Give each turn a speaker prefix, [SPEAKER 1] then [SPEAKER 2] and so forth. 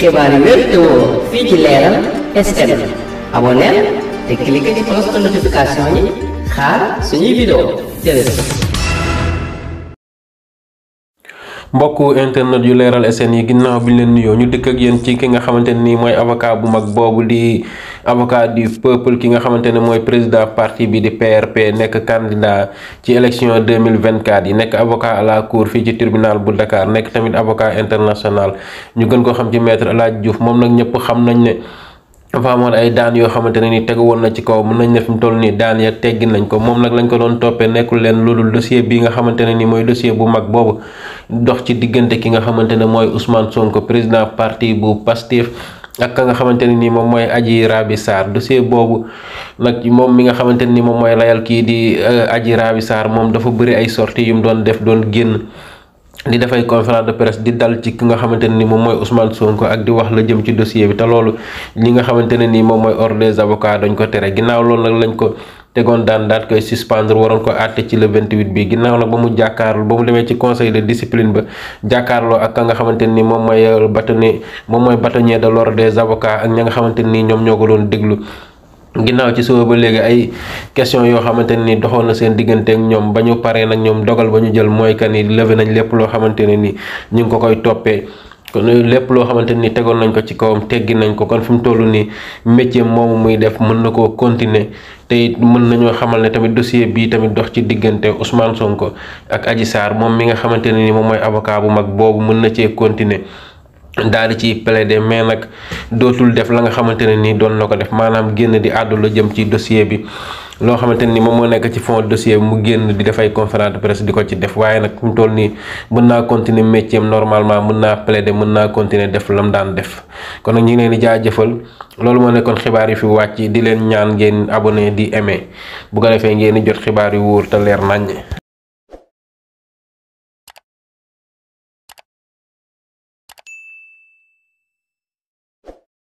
[SPEAKER 1] xibaar yi wér te woo fii ci leeral SN xaar suñuy vidéo jërëjëf mbokk internet yu leeral SN yi ginnaaw bi ñu leen nuyoo ñu dëkk ak yéen ci ki nga xamante ne nii mooy avocat bu mag boobu di avocat du peuple ki nga xamante ne mooy président parti bi di PRP nekk candidat ci deux mille vingt 2024 yi nekk avocat à la cour fii ci tribunal bu Dakar nekk tamit avocat international ñu gën ko xam ci maître El Hadj Diouf moom nag ñëpp xam nañ ne. dafa amoon ay daan yoo xamante ne ni tegu woon na ci kaw mën nañ ne fi mu toll nii daan ya teggi nañ ko moom nag lañ ko doon toppee nekkul leen dul dossier bi nga xamante ne ni mooy dossier bu mag boobu dox ci diggante ki nga xamante ne mooy Ousmane Sonko président parti bu Pastef ak ka nga xamante ne ni moom mooy Adji Raby Sarr dossier boobu nag moom mi nga xamante ne ni moom mooy layal kii di euh, Adji Raby Sarr moom dafa bëri ay sorties yu mu doon def doon génn. di dafay conférence de presse di dal ci ki nga xamante ne ni moom mooy Ousmane Sonko ak di wax la jëm ci dossier bi te loolu li nga xamante ne nii moom mooy ordre des avocats dañ ko tere ginnaaw loolu nag lañ ko tegoon daan daat koy suspendre waroon ko àtte ci le 28 bi ginnaaw nag ba mu jàkkaarloo ba mu demee ci conseil de discipline ba jàkkaarloo ak ka nga xamante ni moom mooy euh, bâtonnier moom mooy bâtonnier de l'ordre des avocats ak ña nga xamante ni ñoom ñoo ko doon déglu ginnaaw ci suba ba léegi ay question yoo xamante ne ni doxoon na seen diggante ak ñoom ba ñu paree nag ñoom dogal ba ñu jël mooy que ni levé nañ lépp loo xamante ne ni ñu ngi ko koy toppee. kon lépp loo xamante ni tegoon nañ ko ci kawam teggi nañ ko kon fi mu toll nii métier moomu muy def mën na koo continuer te it mën nañoo xamal ne tamit dossier bii tamit dox ci diggante Ousmane ko ak aji Sarr moom mi nga xamante ne ni moom mooy avocat bu mag boobu mën na cee continuer. daal di ci plaider mais nag dootul def la nga xamante ne ni doon na ko def maanaam génn di àddu la jëm ci dossier bi loo xamante ni moom moo nekk ci fond dossier bi mu génn di def ay conférence di ko ci def waaye nag fu mu toll nii mën naa continuer métier normalement mën naa plaider mën naa continuer def lam daan def kon nag ñi leen di jaajëfal loolu moo nekkoon xibaar yi fi wàcc di leen ñaan ngeen abonné di emee bu ko defee ngeen di jot xibaar yu wóor te leer naññ.